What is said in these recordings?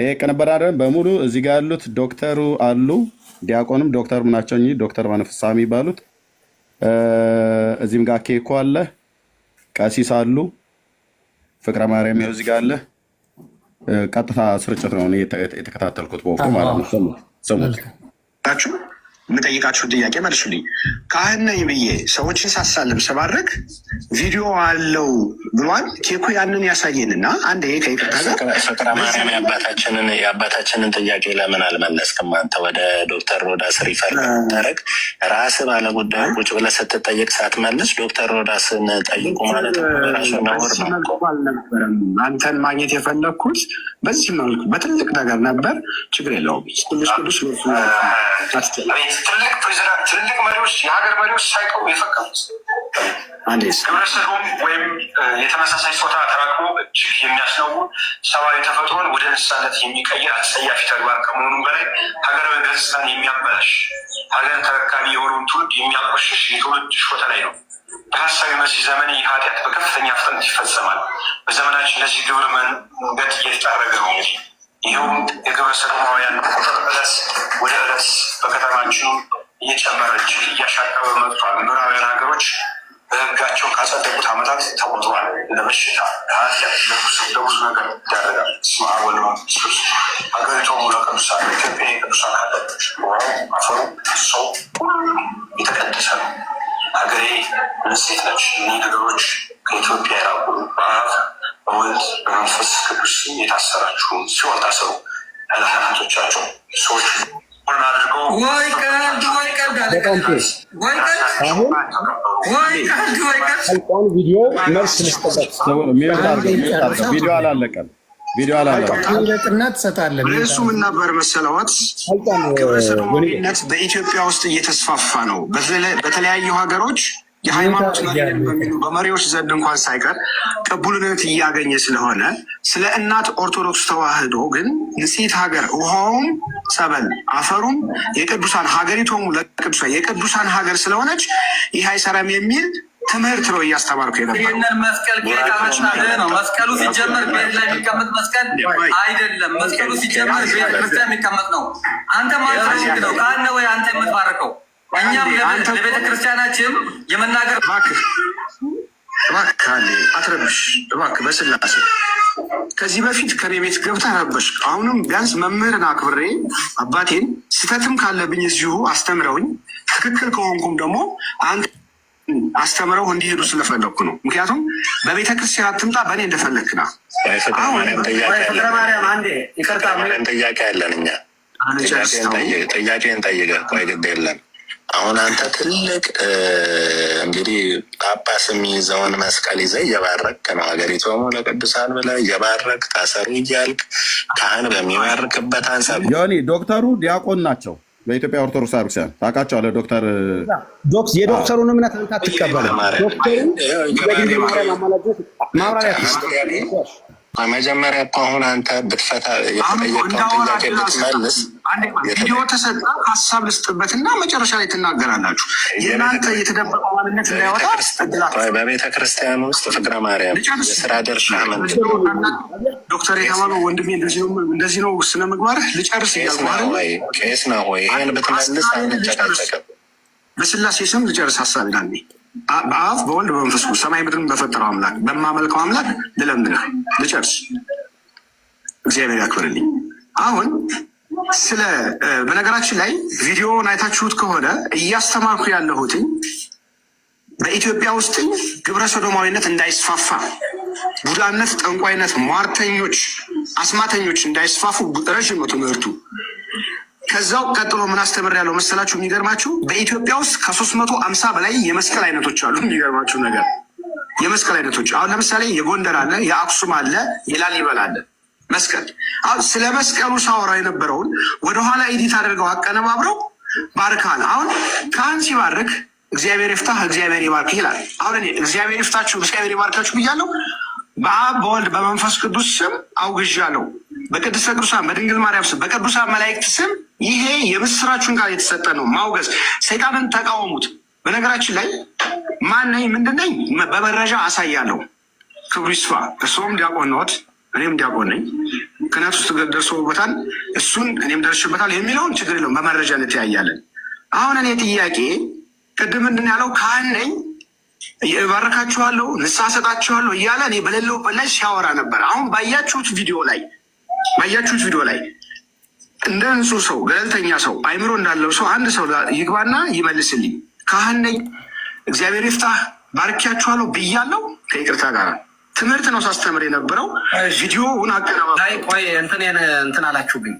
ይሄ ቅንበር አይደለም። በሙሉ እዚህ ጋር ያሉት ዶክተሩ አሉ፣ ዲያቆንም ዶክተር ምናቸው እ ዶክተር ማነፍሳ የሚባሉት እዚህም ጋር ኬኮ አለ፣ ቀሲስ አሉ፣ ፍቅረ ማርያም ይኸው እዚህ ጋር አለ። ቀጥታ ስርጭት ነው የተከታተልኩት በወቅቱ ማለት ነው። ስሙት የምጠይቃችሁን ጥያቄ መልሱልኝ። ካህን ነኝ ብዬ ሰዎችን ሳሳልም ስባርክ ቪዲዮ አለው ብሏል። ኬኩ ያንን ያሳየንና አንድ ይሄ ፍቅረ ማርያም የአባታችንን የአባታችንን ጥያቄ ለምን አልመለስክም? አንተ ወደ ዶክተር ሮዳስ ሪፈር ታደረግ ራስ ባለጉዳዩ ቁጭ ብለ ስትጠየቅ ሳትመልስ ዶክተር ሮዳስን ጠይቁ ማለት ራሱ ነውር ነው። አልነበረም አንተን ማግኘት የፈለግኩት በዚህ መልኩ በትልቅ ነገር ነበር። ችግር የለውም። ቅዱስ ቅዱስ ስ ትልቅ ፕሬዚዳንት ትልቅ መሪዎች የሀገር መሪዎች ሳይቀሩ የፈቀዱት ህብረተሰቡም ወይም የተመሳሳይ ፆታ ተራቅቦ እጅግ የሚያስነው ሰብአዊ ተፈጥሮን ወደ እንስሳነት የሚቀይር አጸያፊ ተግባር ከመሆኑ በላይ ሀገራዊ ገጽታን የሚያበላሽ ሀገር ተረካቢ የሆነውን ትውልድ የሚያቆሽሽ የትውልድ ሾተ ላይ ነው። በሀሳዊ መሲ ዘመን ይህ ኃጢአት በከፍተኛ ፍጥነት ይፈጸማል። በዘመናችን ለዚህ ግብር መንገድ እየተዳረገ ነው። እንግዲህ ይኸውም የግብረ ሰዶማውያን ቁጥራቸው እየጨመረች እያሻቀበ መጥቷል። ምዕራባውያን ሀገሮች በህጋቸው ካጸደቁት ዓመታት ተቆጥሯል። ለበሽታ ለኃጢአት፣ ለብዙ ነገር ይዳረጋል። ስማ ወልማ ሱስ ሀገሪቷ ሙላ ቅዱሳ ኢትዮጵያ የቅዱሳ ካለች አፈሩ ሰው ሁሉ የተቀደሰ ነው። ሀገሬ ንጽሕት ነች። እኒህ ነገሮች ከኢትዮጵያ የራቁ በአብ በወልድ በመንፈስ ቅዱስ የታሰራችሁ ሲሆን ታሰሩ ለኃጢአቶቻቸው ሰዎች አሁን ቪዲዮ መልስ ልስጠበት። ቪዲዮ አላለቀም። ቪዲዮ አላለቀምና ትሰጣለን። እሱ ምን ነበር ግብረ ሰዶማዊነት በኢትዮጵያ ውስጥ እየተስፋፋ ነው። በተለያዩ ሀገሮች የሃይማኖት መሪ በሚሉ በመሪዎች ዘንድ እንኳን ሳይቀር ቅቡልነት እያገኘ ስለሆነ ስለ እናት ኦርቶዶክስ ተዋህዶ ግን ንጽሕት ሀገር ውሃውም ሰበል አፈሩም የቅዱሳን ሀገሪቶም ለቅዱሳን የቅዱሳን ሀገር ስለሆነች ይህ አይሰራም የሚል ትምህርት ነው እያስተማርኩ የነበረው። ይህንን መስቀል ጌታዎች ነው። መስቀሉ ሲጀመር ቤት ላይ የሚቀመጥ መስቀል አይደለም። መስቀሉ ሲጀመር ቤተክርስቲያን የሚቀመጥ ነው። አንተ ማለት ነው። ከአንተ ወይ አንተ የምትባረከው እኛም ለቤተ ክርስቲያናችን የመናገር እባክህ እባክህ አለ አትረብሽ፣ እባክህ በስላሴ ከዚህ በፊት ከኔ ቤት ገብተህ ረበሽ። አሁንም ቢያንስ መምህርን አክብሬ አባቴን ስህተትም ካለብኝ እዚሁ አስተምረውኝ ትክክል ከሆንኩም ደግሞ አንተ አስተምረው እንዲሄዱ ስለፈለግኩ ነው። ምክንያቱም በቤተ ክርስቲያን አትምጣ፣ በእኔ እንደፈለግክ ና። ጥያቄ አለን እኛ ጥያቄ እንጠይቀህ። ቆይ ግድ የለን አሁን አንተ ትልቅ እንግዲህ ጳጳስ የሚይዘውን መስቀል ይዘ እየባረክ ነው። ሀገሪቱ በሙሉ ለቅዱሳን ብለ እየባረክ ታሰሩ እያልክ ካህን በሚባርክበት አንሳብ ዮኒ፣ ዶክተሩ ዲያቆን ናቸው። በኢትዮጵያ ኦርቶዶክስ ቤተክርስቲያን ታውቃቸዋለህ። ዶክተር የዶክተሩን እምነት አትቀበልም። ማብራሪያ መጀመሪያ እኮ አሁን አንተ ብትፈታ የተጠየቀውን ጥያቄ ብትመልስ ቪዲዮ ተሰጣ ሀሳብ ልስጥበትና መጨረሻ ላይ ትናገራላችሁ። የእናንተ የተደበቀው ማንነት እንዳይወጣ በቤተ ክርስቲያን ውስጥ ፍቅረ ማርያም የስራ ደርሻ ዶክተር የተባሉ ወንድሜ እንደዚህ ነው ስነ ምግባርህ። ልጨርስ እያልኩህ ቄስ ነው ወይ ይህን ብትመልስ አንጨቃጨቅም። በስላሴ ስም ልጨርስ ሀሳብ ዳኔ በአብ በወልድ በመንፈስ ቅዱስ ሰማይ ምድርን በፈጠረው አምላክ በማመልከው አምላክ ልለምንህ ልጨርስ። እግዚአብሔር ያክብርልኝ። አሁን ስለ በነገራችን ላይ ቪዲዮውን አይታችሁት ከሆነ እያስተማርኩ ያለሁትኝ በኢትዮጵያ ውስጥኝ ግብረ ሶዶማዊነት እንዳይስፋፋ ቡዳነት፣ ጠንቋይነት፣ ሟርተኞች፣ አስማተኞች እንዳይስፋፉ ረዥም ነው ትምህርቱ። ከዛው ቀጥሎ ምን አስተምር ያለው መሰላችሁ? የሚገርማችሁ በኢትዮጵያ ውስጥ ከሶስት መቶ አምሳ በላይ የመስቀል አይነቶች አሉ። የሚገርማችሁ ነገር የመስቀል አይነቶች አሁን ለምሳሌ የጎንደር አለ፣ የአክሱም አለ፣ የላሊበላ አለ። መስቀል አሁን ስለ መስቀሉ ሳወራ የነበረውን ወደኋላ ኤዲት አድርገው አቀነባብረው ባርካል። አሁን ካህን ሲባርክ እግዚአብሔር ይፍታህ፣ እግዚአብሔር ይባርክ ይላል። አሁን እኔ እግዚአብሔር ይፍታችሁ፣ እግዚአብሔር ይባርካችሁ ብያለሁ። በአብ በወልድ በመንፈስ ቅዱስ ስም አውግዣለሁ። በቅድስተ ቅዱሳን በድንግል ማርያም ስም በቅዱሳን መላእክት ስም ይሄ የምስራችን ጋር የተሰጠ ነው። ማውገዝ ሰይጣንን ተቃወሙት። በነገራችን ላይ ማነኝ ምንድነኝ በመረጃ አሳያለሁ። ክብሩ ይስፋ እርስዎም ዲያቆን ነዎት፣ እኔም ዲያቆን ነኝ። ክህነት ውስጥ ደርሶበታል፣ እሱን እኔም ደርሽበታል የሚለውን ችግር የለውም በመረጃ እንተያያለን። አሁን እኔ ጥያቄ ቅድም ምንድን ያለው ካህን ነኝ እባርካችኋለሁ፣ ንስሐ እያለ እኔ በሌለሁበት ላይ ሲያወራ ነበር። አሁን ባያችሁት ቪዲዮ ላይ ባያችሁት ቪዲዮ ላይ እንደ ንጹህ ሰው ገለልተኛ ሰው አይምሮ እንዳለው ሰው አንድ ሰው ይግባና ይመልስልኝ። ካህን ነኝ፣ እግዚአብሔር ይፍታህ፣ ባርኪያችኋለሁ ብያለው። ከይቅርታ ጋር ትምህርት ነው ሳስተምር የነበረው። ቪዲዮውን አቀናባይ እንትን አላችሁብኝ።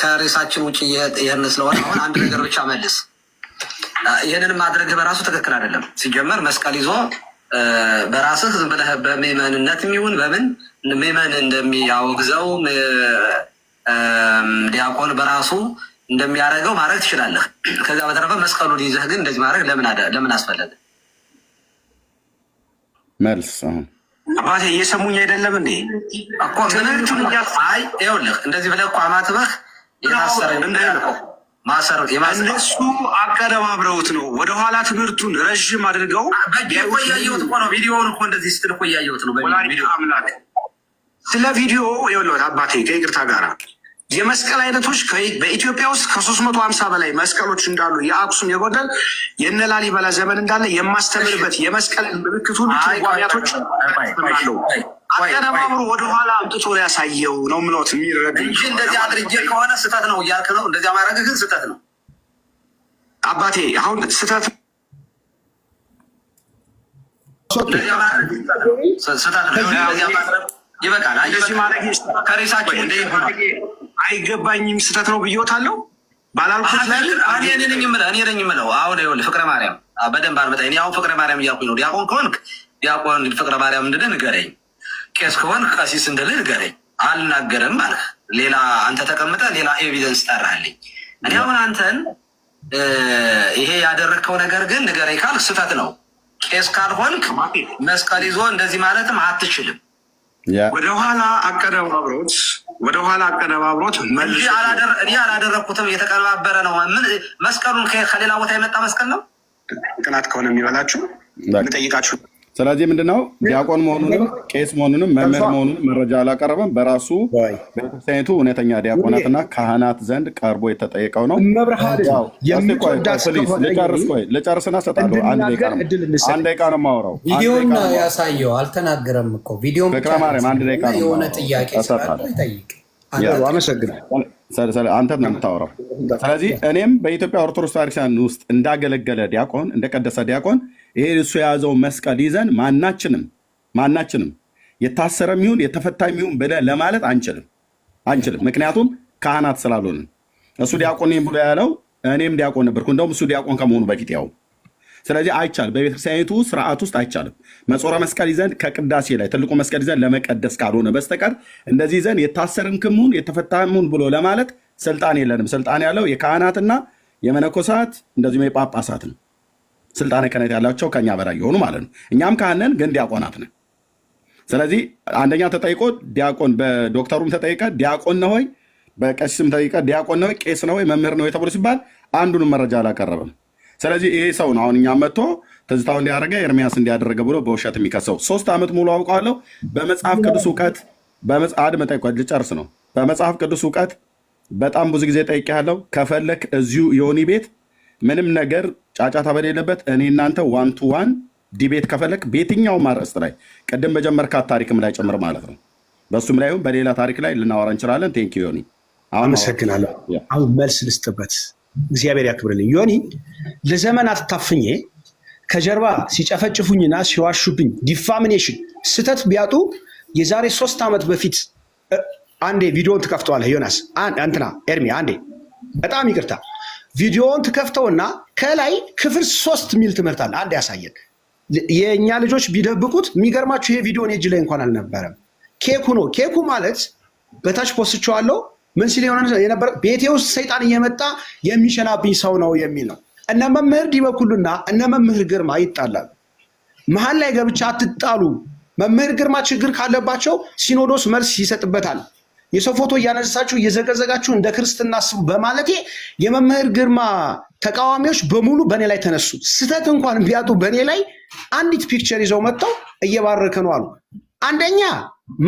ከሬሳችን ውጭ ይህን ስለሆነ አሁን አንድ ነገር ብቻ መልስ። ይህንን ማድረግህ በራሱ ትክክል አይደለም። ሲጀመር መስቀል ይዞ በራስህ ዝም ብለህ በምዕመንነት የሚሆን በምን ምዕመን እንደሚያወግዘው ዲያቆን በራሱ እንደሚያደርገው ማድረግ ትችላለህ። ከዛ በተረፈ መስቀሉን ይዘህ ግን እንደዚህ ማድረግ ለምን አስፈለገ? መልስ አባቴ እየሰሙኝ አይደለም እንዴ? እኮ ምንቹን ይኸውልህ፣ እንደዚህ ብለህ እኮ አማትበህ ማሰር እነሱ አቀደባብረውት ነው። ወደኋላ ትምህርቱን ረዥም አድርገው እያየሁት እኮ ነው። ቪዲዮውን እኮ እንደዚህ ስትል እኮ እያየሁት ነው። ስለ ቪዲዮ ይኸውልህ አባቴ ከይቅርታ ጋራ የመስቀል አይነቶች በኢትዮጵያ ውስጥ ከሶስት መቶ ሀምሳ በላይ መስቀሎች እንዳሉ የአክሱም የጎደል የነ ላሊበላ ዘመን እንዳለ የማስተምርበት የመስቀል ምልክት ሁሉ ትርጓሜያቶች አለው። አቀነባብሮ ወደኋላ አምጥቶ ያሳየው ነው ምሎት የሚረግ እንጂ እንደዚህ አድርጌ ከሆነ ስህተት ነው እያልክ ነው። እንደዚህ ማድረግ ግን ስህተት ነው አባቴ። አሁን ስህተት ስህተት ነው። ይበቃል። ከሬሳቸው አይገባኝም ስህተት ነው ብዬታለሁ። ባላልኩት ላይ እኔ አሁን ይኸውልህ ፍቅረ ማርያም በደንብ አልመጣ እኔ አሁን ፍቅረ ማርያም እያልኩኝ ነው። ዲያቆን ከሆንክ ዲያቆን ፍቅረ ማርያም እንድልህ ንገረኝ፣ ቄስ ከሆንክ ቀሲስ እንድልህ ንገረኝ። አልናገርም አልህ። ሌላ አንተ ተቀምጠ ሌላ ኤቪደንስ ጠራልኝ። እኔ አሁን አንተን ይሄ ያደረግከው ነገር ግን ንገረኝ ካልክ ስህተት ነው። ቄስ ካልሆንክ መስቀል ይዞ እንደዚህ ማለትም አትችልም። ወደኋላ አቀነባብሮት ወደኋላ አቀነባብሮት እኔ አላደረግኩትም፣ ነው። መስቀሉን ከሌላ ቦታ የመጣ መስቀል ነው። ቅናት ከሆነ የሚበላችሁ ልጠይቃችሁ ስለዚህ ምንድነው ዲያቆን መሆኑንም ቄስ መሆኑንም መምህር መሆኑንም መረጃ አላቀረበም። በራሱ ቤተክርስቲያኒቱ እውነተኛ ዲያቆናትና ካህናት ዘንድ ቀርቦ የተጠየቀው ነው። ልጨርስ ልጨርስና እሰጣለሁ። አንድ ደቂቃ ነው የማወራው። ቪዲዮን ያሳየው አልተናገረም እኮ ቪዲዮ ፍቅረ ማርያም አንድ ደቂቃ ነው። የሆነ ጥያቄ ጠይቅ። አመሰግናለሁ። አንተ ነው የምታወራው። ስለዚህ እኔም በኢትዮጵያ ኦርቶዶክስ ቤተክርስቲያን ውስጥ እንዳገለገለ ዲያቆን እንደቀደሰ ዲያቆን ይሄ እሱ የያዘው መስቀል ይዘን ማናችንም ማናችንም የታሰረ ይሁን የተፈታ ይሁን ብለህ ለማለት አንችልም አንችልም። ምክንያቱም ካህናት ስላልሆን እሱ ዲያቆን ብሎ ያለው እኔም ዲያቆን ነበርኩ፣ እንደውም እሱ ዲያቆን ከመሆኑ በፊት ያው ስለዚህ አይቻልም። በቤተክርስቲያኒቱ ስርዓት ውስጥ አይቻልም። መጾረ መስቀል ይዘን ከቅዳሴ ላይ ትልቁ መስቀል ይዘን ለመቀደስ ካልሆነ በስተቀር እንደዚህ ይዘን የታሰርን ክሙን የተፈታሙን ብሎ ለማለት ስልጣን የለንም። ስልጣን ያለው የካህናትና የመነኮሳት እንደዚሁም የጳጳሳት ነው። ስልጣነ ክህነት ያላቸው ከኛ በላይ የሆኑ ማለት ነው። እኛም ካህንን ግን ዲያቆናት ነን። ስለዚህ አንደኛ ተጠይቆ ዲያቆን በዶክተሩም ተጠይቀ ዲያቆን ነው ወይ፣ በቀሲስም ተጠይቀ ዲያቆን ነው ወይ፣ ቄስ ነው ወይ፣ መምህር ነው የተብሎ ሲባል አንዱንም መረጃ አላቀረበም። ስለዚህ ይሄ ሰው ነው አሁን እኛም መጥቶ ትዝታው እንዲያደረገ ኤርሚያስ እንዲያደረገ ብሎ በውሸት የሚከሰው። ሶስት ዓመት ሙሉ አውቀዋለሁ በመጽሐፍ ቅዱስ እውቀት በመጽሐድ መጠይቆ ልጨርስ ነው። በመጽሐፍ ቅዱስ እውቀት በጣም ብዙ ጊዜ ጠይቄያለሁ። ከፈለክ እዚሁ ዮኒ ቤት ምንም ነገር ጫጫታ በሌለበት እኔ እናንተ ዋን ቱ ዋን ዲቤት ከፈለክ በየትኛውም አርዕስት ላይ ቅድም በጀመርካት ታሪክም ላይ ጭምር ማለት ነው። በሱም ላይ በሌላ ታሪክ ላይ ልናወራ እንችላለን። ቴንክ ዮኒ፣ አመሰግናለሁ። አሁን መልስ ልስጥበት። እግዚአብሔር ያክብርልኝ። ዮኒ ለዘመናት አትታፍኜ ከጀርባ ሲጨፈጭፉኝና ሲዋሹብኝ ዲፋሚኔሽን ስህተት ቢያጡ የዛሬ ሶስት ዓመት በፊት አንዴ ቪዲዮን ትከፍተዋለህ ዮናስ፣ እንትና ኤርሚ፣ አንዴ በጣም ይቅርታ ቪዲዮውን ትከፍተውና ከላይ ክፍል ሶስት የሚል ትምህርት አለ። አንድ ያሳየን የእኛ ልጆች ቢደብቁት የሚገርማችሁ ይሄ ቪዲዮን እጅ ላይ እንኳን አልነበረም። ኬኩ ነው። ኬኩ ማለት በታች ፖስቸዋለው ምን ሲል የሆነ የነበረ ቤቴ ውስጥ ሰይጣን እየመጣ የሚሸናብኝ ሰው ነው የሚል ነው። እነ መምህር ዲበኩሉና እነ መምህር ግርማ ይጣላሉ። መሀል ላይ ገብቻ አትጣሉ። መምህር ግርማ ችግር ካለባቸው ሲኖዶስ መልስ ይሰጥበታል። የሰው ፎቶ እያነሳችሁ እየዘቀዘቃችሁ እንደ ክርስትና አስቡ በማለቴ የመምህር ግርማ ተቃዋሚዎች በሙሉ በእኔ ላይ ተነሱ። ስህተት እንኳን ቢያጡ በእኔ ላይ አንዲት ፒክቸር ይዘው መጥተው እየባረከ ነው አሉ። አንደኛ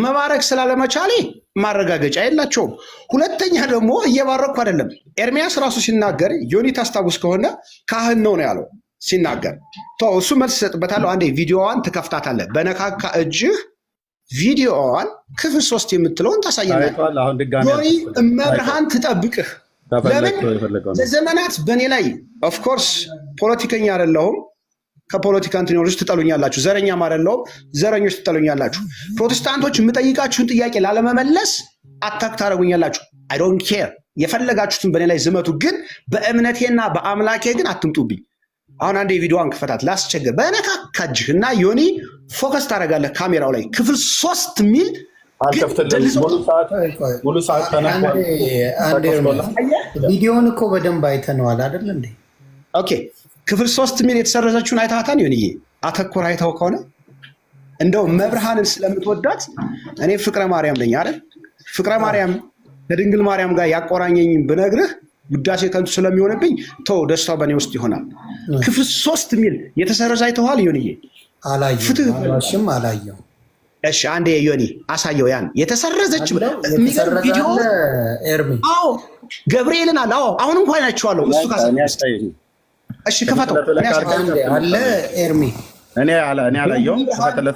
መባረክ ስላለመቻሌ ማረጋገጫ የላቸውም። ሁለተኛ ደግሞ እየባረኩ አይደለም። ኤርሚያስ ራሱ ሲናገር ዮኒት ታስታውስ ከሆነ ካህን ነው ነው ያለው ሲናገር እሱ መልስ ይሰጥበታለሁ። አንዴ ቪዲዮዋን ትከፍታታለህ። በነካካ እጅህ ቪዲዮዋን ክፍል ሶስት የምትለውን ታሳየናል። ጆኒ እመብርሃን ትጠብቅህ። ለምን ለዘመናት በእኔ ላይ ኦፍኮርስ ፖለቲከኛ አይደለሁም። ከፖለቲካ እንትኖች ትጠሉኛላችሁ። ዘረኛም አይደለሁም። ዘረኞች ትጠሉኛላችሁ። ፕሮቴስታንቶች የምጠይቃችሁን ጥያቄ ላለመመለስ አታክ ታደረጉኛላችሁ። አይ ዶንት ኬር የፈለጋችሁትን በእኔ ላይ ዝመቱ፣ ግን በእምነቴና በአምላኬ ግን አትምጡብኝ። አሁን አንድ የቪዲዮዋን ክፈታት ላስቸግር። በነካካ እጅህ እና ዮኒ ፎከስ ታደርጋለህ ካሜራው ላይ ክፍል ሶስት ሚል ቪዲዮን እኮ በደንብ አይተነዋል አይደል እንዴ? ኦኬ ክፍል ሶስት ሚል የተሰረዘችውን አይታታን ዮኒዬ፣ አተኮር አይተው ከሆነ እንደው መብርሃንን ስለምትወዳት እኔ ፍቅረ ማርያም ነኝ አይደል? ፍቅረ ማርያም ከድንግል ማርያም ጋር ያቆራኘኝ ብነግርህ ውዳሴ ከንቱ ስለሚሆንብኝ ቶ ደስታው በእኔ ውስጥ ይሆናል። ክፍል ሶስት የሚል የተሰረዘ አይተኸዋል? ዮኒዬ አላየሁም፣ አላየሁም። እሺ አንዴ ዮኒ አሳየው ያን የተሰረዘች ቪዲዮ ገብርኤልን አለ። አዎ አሁን እንኳን አይቼዋለሁ። እሱ እሺ ክፈተው አለ ኤርሚ። እኔ አላየሁም። ክፈትልህ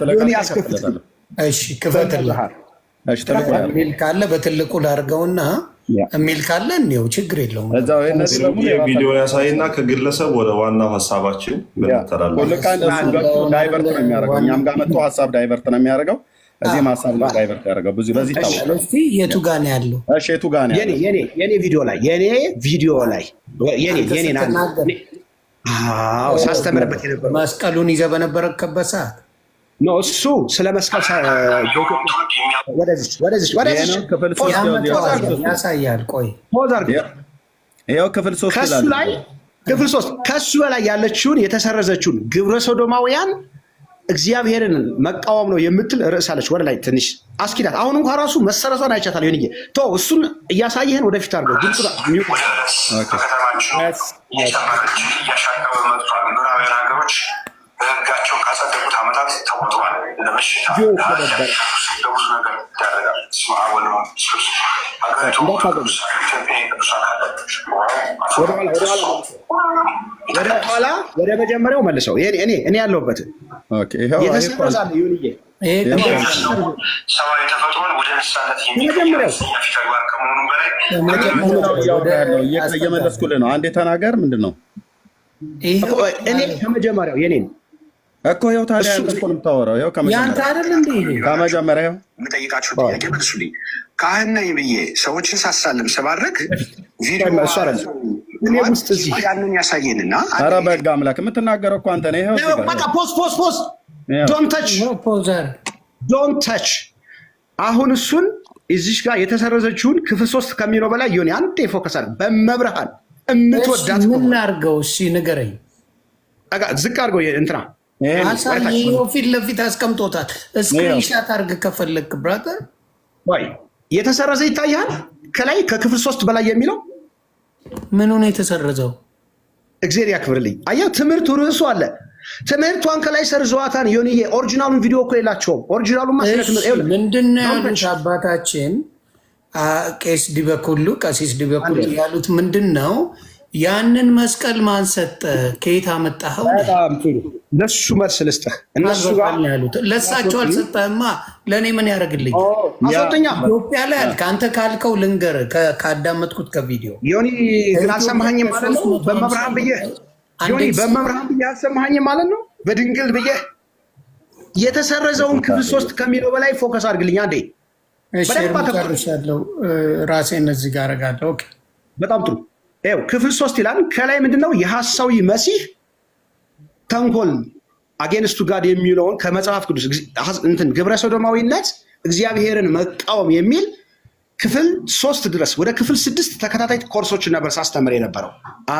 ካለ በትልቁ ላድርገውና የሚል ካለ እኔው ችግር የለውም። ቪዲዮ ያሳይና ከግለሰብ ወደ ዋናው ሀሳባችን ዳይቨርት ነው የሚያደርገው። እኛም ጋር መጥቶ ሀሳብ ዳይቨርት ነው የሚያደርገው። ሀሳብ ነው ዳይቨርት ያደርገው። ብዙ በዚህ የቱ ጋ ነው ያለው? የቱ ጋ ነው ያለው? የኔ ቪዲዮ ላይ የኔ ቪዲዮ ላይ ሳስተምርበት የነበረው መስቀሉን ይዘህ በነበረበት ሰዓት ነው እሱ ስለ መስቀል ያሳያል። ቆይ ክፍል ሶስት ከሱ በላይ ያለችውን የተሰረዘችውን ግብረ ሶዶማውያን እግዚአብሔርን መቃወም ነው የምትል ርዕስ አለች። ወደ ላይ ትንሽ አስኪዳት። አሁን እንኳ ራሱ መሰረቷን አይቻታል። ይሁን ቶ እሱን እያሳየህን ወደፊት አድርገው ግልጽ ከከተማችሁ እያሻቀበ መጥቷል። ምዕራባውያን ሀገሮች በህጋቸው ካጸደቁት ዓመታት ተቆጥሯል። ለበሽታ ለብዙ ነገር ወደኋላ ወደ መጀመሪያው መልሰው እኔ ያለሁበት ያለሁበትን ወደ ነሳነት እየመለስኩልህ ነው። አንዴ ተናገር። ምንድን ነው ከመጀመሪያው የኔ እኮ ይኸው ታዲያ አንተ እኮ ነው የምታወራው። ይኸው ከመጀመሪያ አይደል እንዴ? ከመጀመሪያ ይኸው የምጠይቃችሁ ጥያቄ መልሱልኝ። ካህን ነኝ ብዬ ሰዎችን ሳሳልም ሰባረክ ቪዲዮ ያንን ያሳየንና፣ ኧረ በሕግ አምላክ የምትናገረው እኮ አንተ ነህ። ይኸው በቃ ተች ተች። አሁን እሱን እዚሽ ጋር የተሰረዘችውን ክፍል ሶስት ከሚለው በላይ ይሆን አንዴ ይፎከሳል። በመብርሃን እምትወዳት ምን ላድርገው? እሺ ንገረኝ። ዝቅ አድርገው እንትና ፊት ለፊት አስቀምጦታል። ስክሪንሻት አድርግ ከፈለግ ብራተር የተሰረዘ ይታያል። ከላይ ከክፍል ሶስት በላይ የሚለው ምኑ ነው የተሰረዘው? እግዜር ያክብርልኝ። አየህ ትምህርቱ ርዕሱ አለ። ትምህርቷን ከላይ ሰርዘዋታን ዮኒዬ፣ ኦሪጂናሉን ቪዲዮ እኮ የላቸውም። ኦሪጂናሉን ምንድን ያሉት አባታችን ቄስ ዲበኩሉ ቀሲስ ዲበኩሉ ያሉት ምንድን ነው? ያንን መስቀል ማን ሰጠ? ከየት አመጣኸው? ለሱ መልስ ልስጥህ። እነሱ ለሳቸው አልሰጠህማ። ለእኔ ምን ያደርግልኝ? ኢትዮጵያ ላይ አልክ። አንተ ካልከው ልንገር፣ ካዳመጥኩት ከቪዲዮ ዮኒ ግን አልሰማኸኝም ማለት ነው። በመብርሃን ብዬህ ዮኒ፣ በመብርሃን ብዬህ አልሰማኸኝም ማለት ነው። በድንግል ብዬህ የተሰረዘውን ክፍል ሶስት ከሚለው በላይ ፎከስ አድርግልኝ አንዴ። ራሴን እዚህ ጋር አደርጋለሁ። በጣም ጥሩ ይኸው ክፍል ሶስት ይላል ከላይ ምንድነው የሐሳዊ መሲህ ተንኮል አጌንስቱ ጋድ የሚለውን ከመጽሐፍ ቅዱስ እንትን ግብረ ሶዶማዊነት እግዚአብሔርን መቃወም የሚል ክፍል ሶስት ድረስ ወደ ክፍል ስድስት ተከታታይ ኮርሶች ነበር ሳስተምር የነበረው።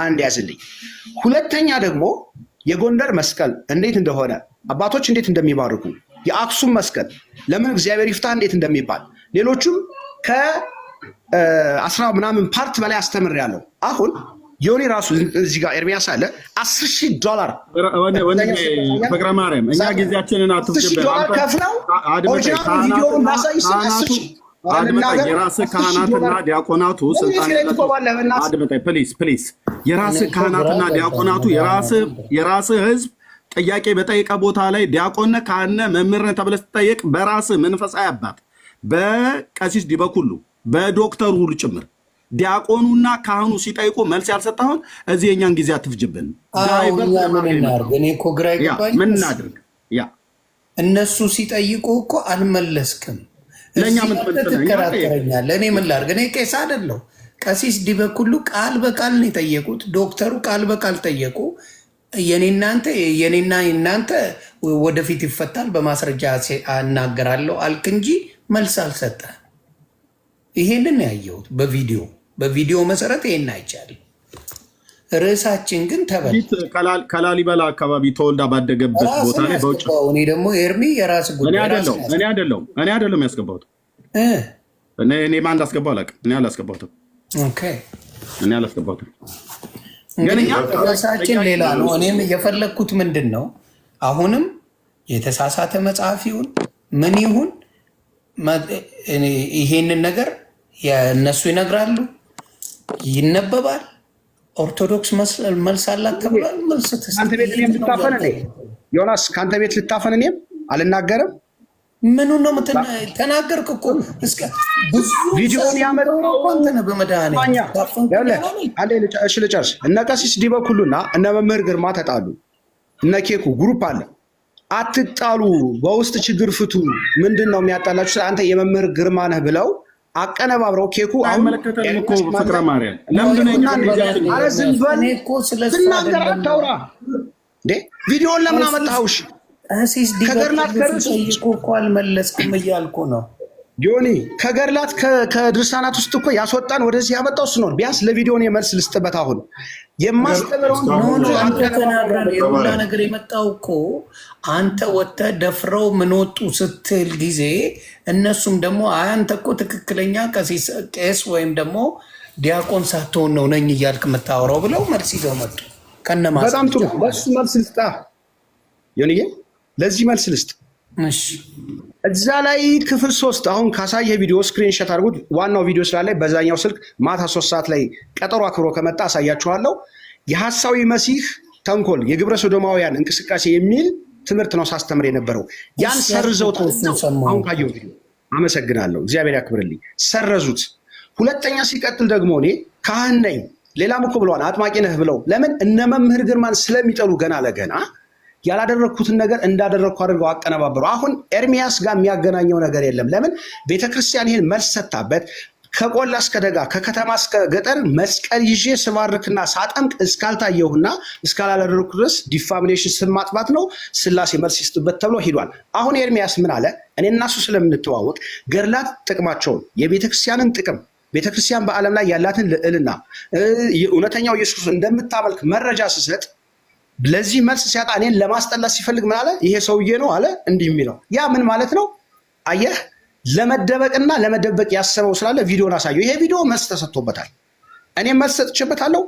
አንድ ያዝልኝ። ሁለተኛ ደግሞ የጎንደር መስቀል እንዴት እንደሆነ አባቶች እንዴት እንደሚባርኩ፣ የአክሱም መስቀል ለምን እግዚአብሔር ይፍታህ እንዴት እንደሚባል ሌሎቹም ከ አስራ ምናምን ፓርት በላይ አስተምር ያለው አሁን ዮኒ ራሱ እዚህ ጋር ኤርሚያስ አለ አስር ዶላር ፍቅረ ማርያም እኛ ጊዜያችንን ከፍለው ቪዲዮውን አድምጠኝ። ካህናትና ዲያቆናቱ አድምጠኝ ካህናትና ዲያቆናቱ ህዝብ ጥያቄ በጠየቀ ቦታ ላይ ዲያቆነ ካህነ መምህርነ ተብለ ስትጠየቅ በራስ መንፈሳዊ አባት በቀሲስ ዲበኩሉ በዶክተሩ ሁሉ ጭምር ዲያቆኑና ካህኑ ሲጠይቁ መልስ ያልሰጣሁን እዚህ የእኛን ጊዜ አትፍጅብን። ምናድርግ ያ እነሱ ሲጠይቁ እኮ አልመለስክም። ለእኛ ምን ትከራከረኛለህ? እኔ ምን ላድርግ? እኔ ቄስ አይደለሁ። ቀሲስ ዲበኩሉ ቃል በቃል ነው የጠየቁት። ዶክተሩ ቃል በቃል ጠየቁ። የኔናንተ የኔና እናንተ ወደፊት ይፈታል በማስረጃ እናገራለሁ አልክ እንጂ መልስ አልሰጠህም። ይሄንን ያየሁት በቪዲዮ በቪዲዮ መሰረት ይሄን አይቻልም። ርዕሳችን ግን ከላሊበላ አካባቢ ተወልዳ ባደገበት ቦታ ላይ በውጭ እኔ ደግሞ ኤርሚ የራስ ጉዳይ እኔ አይደለሁም እኔ አይደለሁም ያስገባሁት እኔ ማን እንዳስገባው አላውቅም። እኔ አላስገባሁትም። እኔ አላስገባሁትም። ርዕሳችን ሌላ ነው። እኔም የፈለግኩት ምንድን ነው አሁንም የተሳሳተ መጽሐፍ ይሁን ምን ይሁን ይሄንን ነገር የእነሱ ይነግራሉ፣ ይነበባል። ኦርቶዶክስ መልስ አላት ተብሏል። መልስ ዮናስ ከአንተ ቤት ልታፈን እኔም አልናገርም። ምኑ ነው ተናገርክ እኮ ቪዲዮን ያመጣው እሺ፣ ልጨርስ። እነ ቀሲስ ዲበኩሉና እነ መምህር ግርማ ተጣሉ። እነ ኬኩ ግሩፕ አለ። አትጣሉ፣ በውስጥ ችግር ፍቱ። ምንድን ነው የሚያጣላችሁ? አንተ የመምህር ግርማ ነህ ብለው አቀነባብረው ኬኩ አይመለከተም እኮ ፍቅረ ማርያም አታውራ እንዴ ቪዲዮን ለምን አመጣኸው? እሺ ከገርላት ከርሱ እኮ እያልኩ ነው። ጆኒ ከገድላት ከድርሳናት ውስጥ እኮ ያስወጣን ወደዚህ ያመጣው እሱ ነው። ቢያንስ ለቪዲዮን የመልስ ልስጥበት። አሁን የማስተምረውን የሁላ ነገር የመጣው እኮ አንተ ወጥተህ ደፍረው ምንወጡ ስትል ጊዜ እነሱም ደግሞ አንተ እኮ ትክክለኛ ቄስ ወይም ደግሞ ዲያቆን ሳትሆን ነው ነኝ እያልክ የምታወራው ብለው መልስ ይዘው መጡ። ከነማ በጣም ጥሩ መልስ ልስጣ ዮኒዬ፣ ለዚህ መልስ ልስጥ እዛ ላይ ክፍል ሶስት አሁን ካሳየ ቪዲዮ ስክሪንሸት አድርጉት። ዋናው ቪዲዮ ስላለ በዛኛው ስልክ ማታ ሶስት ሰዓት ላይ ቀጠሮ አክብሮ ከመጣ አሳያችኋለሁ። የሐሳዊ መሲህ ተንኮል፣ የግብረ ሶዶማውያን እንቅስቃሴ የሚል ትምህርት ነው ሳስተምር የነበረው። ያን ሰርዘው አሁን ካየው ቪዲዮ አመሰግናለሁ። እግዚአብሔር ያክብርልኝ። ሰረዙት። ሁለተኛ ሲቀጥል ደግሞ እኔ ካህን ነኝ ሌላም እኮ ብለዋል አጥማቂ ነህ ብለው ለምን እነ መምህር ግርማን ስለሚጠሉ ገና ለገና ያላደረግኩትን ነገር እንዳደረግኩ አድርገው አቀነባበሩ። አሁን ኤርሚያስ ጋር የሚያገናኘው ነገር የለም። ለምን ቤተክርስቲያን ይህን መልስ ሰታበት? ከቆላ እስከ ደጋ ከከተማ እስከ ገጠር መስቀል ይዤ ስባርክና ሳጠምቅ እስካልታየሁና እስካላደረግኩ ድረስ ዲፋሚኔሽን ስም ማጥፋት ነው፣ ስላሴ መልስ ይስጥበት ተብሎ ሂዷል። አሁን ኤርሚያስ ምን አለ? እኔ እናሱ ስለምንተዋወቅ ገድላት ጥቅማቸውን፣ የቤተክርስቲያንን ጥቅም፣ ቤተክርስቲያን በዓለም ላይ ያላትን ልዕልና፣ እውነተኛው ኢየሱስ እንደምታመልክ መረጃ ስሰጥ ለዚህ መልስ ሲያጣ እኔን ለማስጠላት ሲፈልግ ምን አለ? ይሄ ሰውዬ ነው አለ እንዲህ የሚለው ያ ምን ማለት ነው? አየህ ለመደበቅና ለመደበቅ ያሰበው ስላለ ቪዲዮን አሳየው። ይሄ ቪዲዮ መልስ ተሰጥቶበታል። እኔ መልስ ሰጥቼበታለሁ።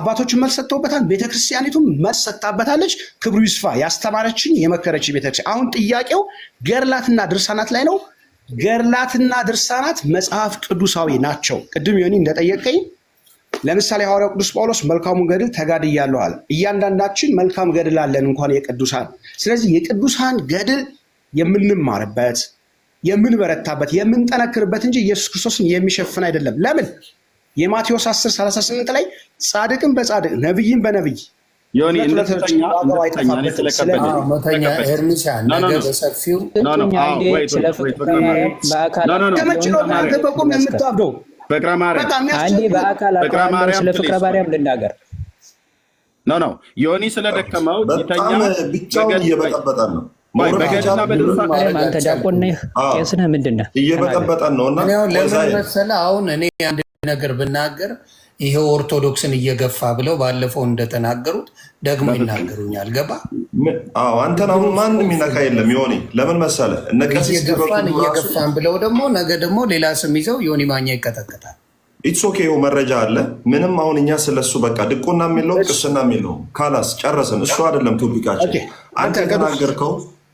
አባቶችን መልስ ሰጥተውበታል። ቤተክርስቲያኒቱም መልስ ሰጥታበታለች። ክብሩ ይስፋ። ያስተማረችኝ የመከረች ቤተክርስቲያን። አሁን ጥያቄው ገርላትና ድርሳናት ላይ ነው። ገርላትና ድርሳናት መጽሐፍ ቅዱሳዊ ናቸው። ቅድም ዮኒ እንደጠየቀኝ ለምሳሌ ሐዋርያው ቅዱስ ጳውሎስ መልካሙን ገድል ተጋድያለሁ አለ። እያንዳንዳችን መልካም ገድል አለን እንኳን የቅዱሳን። ስለዚህ የቅዱሳን ገድል የምንማርበት የምንበረታበት የምንጠነክርበት እንጂ ኢየሱስ ክርስቶስን የሚሸፍን አይደለም። ለምን የማቴዎስ 10 38 ላይ ጻድቅን በጻድቅ ነብይን በነብይ ዮኒ እንደተኛ ነው ነው ፍቅረ ማርያም አንዴ በአካል አውቀዋለሁ። ስለ ፍቅረ ማርያም ልናገር ኖ ኖ ዮኒ ስለደከመው ይተኛ ብቻውን እየበጠበጠ ነው። አንተ ዲያቆን ቄስ ነህ፣ ምንድን ነህ? እየበጠበጠን ነው እና ለምን መሰለህ አሁን እኔ አንድ ነገር ብናገር ይሄ ኦርቶዶክስን እየገፋ ብለው ባለፈው እንደተናገሩት ደግሞ ይናገሩኛል። ገባ አንተን አሁን ማንም ይነካ የለም። ዮኒ ለምን መሰለ እየገፋን እየገፋን ብለው ደግሞ ነገ ደግሞ ሌላ ስም ይዘው ዮኒ ማኛ ይቀጠቀጣል። ኢትስ ኦኬ መረጃ አለ። ምንም አሁን እኛ ስለሱ በቃ ድቁና የሚለው ቅስና የሚለው ካላስ ጨረስን። እሱ አይደለም ቶፒካችን አንተ ተናገርከው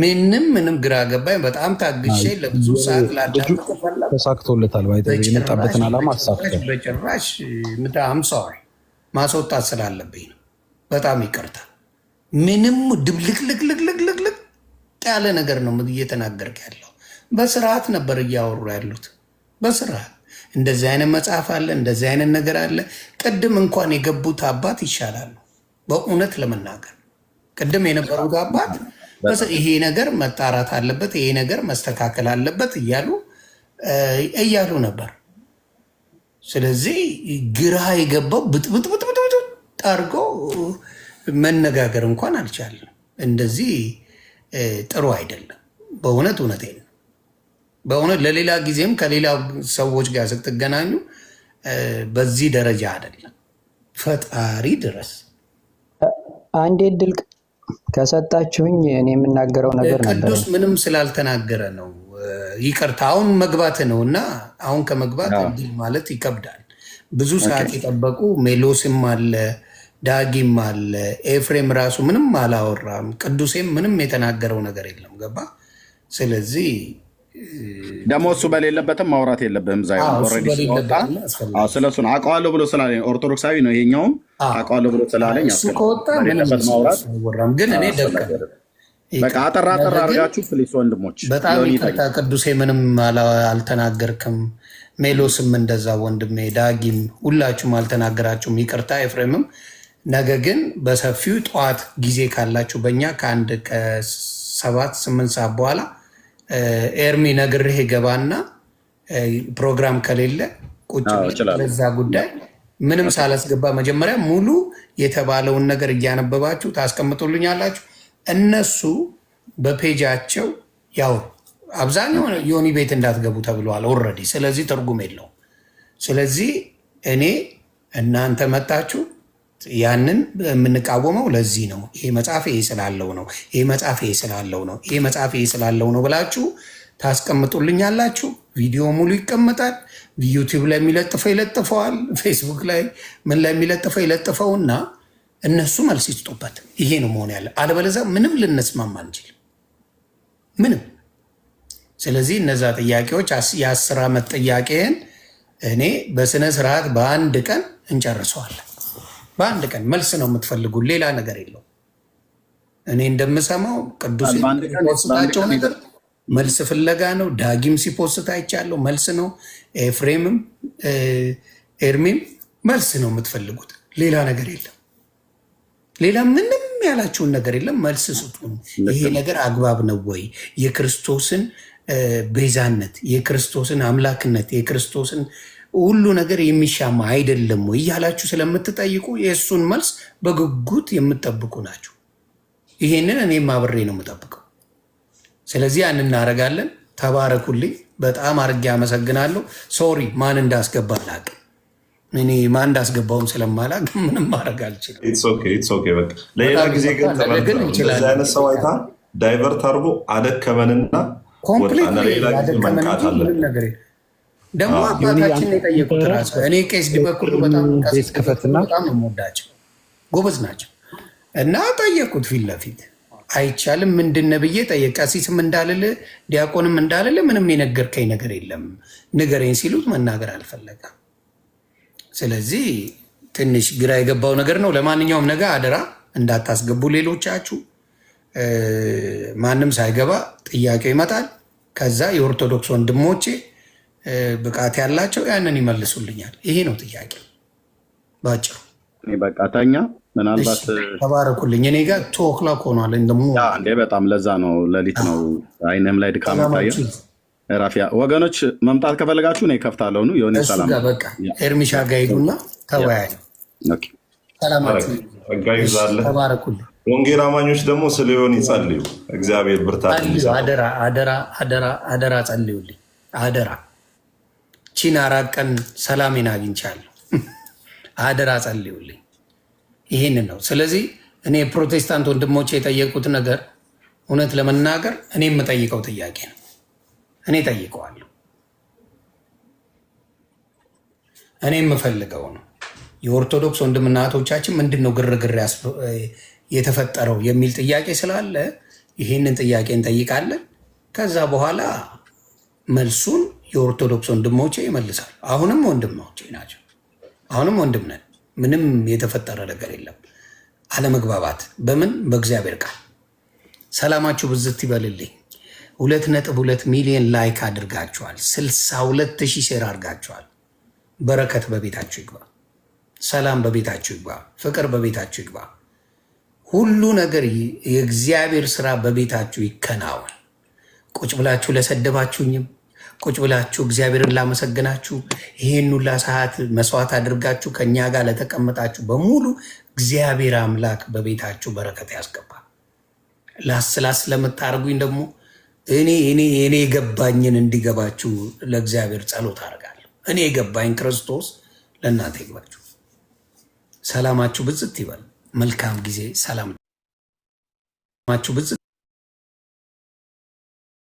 ምንም ምንም ግራ ገባኝ። በጣም ታግሼ ለብዙ ሰዓት ተሳክቶለታል። የመጣበትን ዓላማ አሳክቷል። በጭራሽ ምዳምሰዋል ማስወጣት ስላለብኝ ነው። በጣም ይቅርታል። ምንም ድብልቅልቅልቅልቅልቅ ያለ ነገር ነው እየተናገርክ ያለው። በስርዓት ነበር እያወሩ ያሉት በስርዓት እንደዚህ አይነት መጽሐፍ አለ፣ እንደዚህ አይነት ነገር አለ። ቅድም እንኳን የገቡት አባት ይሻላሉ። በእውነት ለመናገር ቅድም የነበሩት አባት ይሄ ነገር መጣራት አለበት፣ ይሄ ነገር መስተካከል አለበት እያሉ እያሉ ነበር። ስለዚህ ግራ የገባው ብጥብጥብጥብጥ አድርጎ መነጋገር እንኳን አልቻለም። እንደዚህ ጥሩ አይደለም። በእውነት እውነቴ ነው። በእውነት ለሌላ ጊዜም ከሌላ ሰዎች ጋር ስትገናኙ በዚህ ደረጃ አይደለም። ፈጣሪ ድረስ አንዴ ድልቅ ከሰጣችሁኝ እኔ የምናገረው ነገር ነበር። ቅዱስ ምንም ስላልተናገረ ነው። ይቅርታ አሁን መግባት ነው እና አሁን ከመግባት እንዲህ ማለት ይከብዳል። ብዙ ሰዓት የጠበቁ ሜሎስም አለ ዳጊም አለ ኤፍሬም ራሱ ምንም አላወራም። ቅዱሴም ምንም የተናገረው ነገር የለም። ገባ ስለዚህ ደግሞ እሱ በሌለበትም ማውራት የለብህም። ዛ ስለ እሱን አውቀዋለሁ ብሎ ስላለኝ ኦርቶዶክሳዊ ነው ይሄኛውም አውቀዋለሁ ብሎ ስላለኝ ግን እኔ በቃ አጠራ አጠራ አድርጋችሁ ፕሊስ ወንድሞች፣ በጣም ይቅርታ ቅዱሴ፣ ምንም አልተናገርክም። ሜሎስም እንደዛ ወንድሜ፣ ዳጊም ሁላችሁም አልተናገራችሁም። ይቅርታ ኤፍሬምም። ነገ ግን በሰፊው ጠዋት ጊዜ ካላችሁ በእኛ ከአንድ ከሰባት ስምንት ሰዓት በኋላ ኤርሚ ነግሬህ ገባና ፕሮግራም ከሌለ ቁጭ ለዛ ጉዳይ ምንም ሳላስገባ መጀመሪያ ሙሉ የተባለውን ነገር እያነበባችሁ ታስቀምጡልኛላችሁ። እነሱ በፔጃቸው ያው አብዛኛው ዮኒ ቤት እንዳትገቡ ተብለዋል ኦልሬዲ። ስለዚህ ትርጉም የለውም። ስለዚህ እኔ እናንተ መጣችሁ ያንን የምንቃወመው ለዚህ ነው። ይሄ መጽሐፍ ይሄ ስላለው ነው፣ ይሄ መጽሐፍ ይሄ ስላለው ነው፣ ይሄ መጽሐፍ ይሄ ስላለው ነው ብላችሁ ታስቀምጡልኛላችሁ። ቪዲዮ ሙሉ ይቀመጣል። ዩቲዩብ ላይ የሚለጥፈው ይለጥፈዋል። ፌስቡክ ላይ ምን ላይ የሚለጥፈው እና እነሱ መልስ ይስጡበት። ይሄ ነው መሆን ያለ። አለበለዚያ ምንም ልንስማማ አንችልም፣ ምንም። ስለዚህ እነዛ ጥያቄዎች የአስር ዓመት ጥያቄን እኔ በስነ ስርዓት በአንድ ቀን እንጨርሰዋለን። በአንድ ቀን መልስ ነው የምትፈልጉ፣ ሌላ ነገር የለው። እኔ እንደምሰማው ቅዱስ ነገር መልስ ፍለጋ ነው። ዳጊም ሲፖስት አይቻለሁ፣ መልስ ነው። ኤፍሬምም ኤርሜም መልስ ነው የምትፈልጉት፣ ሌላ ነገር የለም። ሌላ ምንም ያላችሁን ነገር የለም። መልስ ስጡ። ይሄ ነገር አግባብ ነው ወይ? የክርስቶስን ቤዛነት፣ የክርስቶስን አምላክነት፣ የክርስቶስን ሁሉ ነገር የሚሻማ አይደለም ወይ እያላችሁ ስለምትጠይቁ የእሱን መልስ በጉጉት የምትጠብቁ ናችሁ። ይሄንን እኔም አብሬ ነው የምጠብቀው። ስለዚህ ያን እናደርጋለን። ተባረኩልኝ። በጣም አድርጌ አመሰግናለሁ። ሶሪ ማን እንዳስገባ አላውቅም። እኔ ማን እንዳስገባውም ስለማላቅ ምንም ማድረግ አልችልም። ለሌላ ጊዜ ግን እንችላለን። ሰው አይታ ዳይቨርት አድርጎ አደከመንና ወጣ። ለሌላ ጊዜ መንቃት አለን ደግሞ አባታችን የጠየቁት ራሱ እኔ ቄስ ዲበኩሉ በጣም በጣም የምወዳቸው ጎበዝ ናቸው እና ጠየቁት ፊት ለፊት አይቻልም ምንድነ ብዬ ጠየቅ። ቀሲስም እንዳልል ዲያቆንም እንዳልል ምንም የነገርከኝ ነገር የለም ንገረኝ ሲሉት መናገር አልፈለገም። ስለዚህ ትንሽ ግራ የገባው ነገር ነው። ለማንኛውም ነገር አደራ እንዳታስገቡ ሌሎቻችሁ። ማንም ሳይገባ ጥያቄው ይመጣል። ከዛ የኦርቶዶክስ ወንድሞቼ ብቃት ያላቸው ያንን ይመልሱልኛል። ይሄ ነው ጥያቄ ባጭሩ። በቃተኛ ምናልባት ተባረኩልኝ። እኔ ጋር ቱ ኦክላክ ሆኗል። እንደ በጣም ለዛ ነው ለሊት ነው። አይንህም ላይ ድካም ታየ። ራፊያ ወገኖች መምጣት ከፈለጋችሁ እኔ ከፍታለሁ። ነው የሆነ ሰላም በቃ ኤርሚሻ ጋር ሂዱና ተወያዩ። ተባረኩልኝ። ወንጌል አማኞች ደግሞ ስለ ዮኒ ጸልዩ። እግዚአብሔር ብርታት አደራ አደራ አደራ አደራ ጸልዩልኝ አደራ ቺን አራት ቀን ሰላሜን አግኝቻለሁ። አደራ ጸልዩልኝ። ይህንን ነው። ስለዚህ እኔ ፕሮቴስታንት ወንድሞቼ የጠየቁት ነገር እውነት ለመናገር እኔ የምጠይቀው ጥያቄ ነው። እኔ ጠይቀዋለሁ። እኔ የምፈልገው ነው የኦርቶዶክስ ወንድምና እህቶቻችን ምንድን ነው ግርግር የተፈጠረው የሚል ጥያቄ ስላለ ይህንን ጥያቄ እንጠይቃለን። ከዛ በኋላ መልሱን የኦርቶዶክስ ወንድሞቼ ይመልሳል። አሁንም ወንድሞቼ ናቸው። አሁንም ወንድም ነን። ምንም የተፈጠረ ነገር የለም። አለመግባባት በምን በእግዚአብሔር ቃል። ሰላማችሁ ብዝት ይበልልኝ። ሁለት ነጥብ ሁለት ሚሊዮን ላይክ አድርጋችኋል። ስልሳ ሁለት ሺህ ሴር አድርጋችኋል። በረከት በቤታችሁ ይግባ፣ ሰላም በቤታችሁ ይግባ፣ ፍቅር በቤታችሁ ይግባ። ሁሉ ነገር የእግዚአብሔር ስራ በቤታችሁ ይከናወን። ቁጭ ብላችሁ ለሰደባችሁኝም ቁጭ ብላችሁ እግዚአብሔርን ላመሰግናችሁ ይህን ሁላ ሰዓት መስዋዕት አድርጋችሁ ከእኛ ጋር ለተቀመጣችሁ በሙሉ እግዚአብሔር አምላክ በቤታችሁ በረከት ያስገባል። ላስላስ ለምታደርጉኝ ደግሞ እኔ እኔ እኔ የገባኝን እንዲገባችሁ ለእግዚአብሔር ጸሎት አደርጋለሁ። እኔ የገባኝ ክርስቶስ ለእናንተ ይግባችሁ። ሰላማችሁ ብዝት ይበል። መልካም ጊዜ። ሰላም ማችሁ ብዝት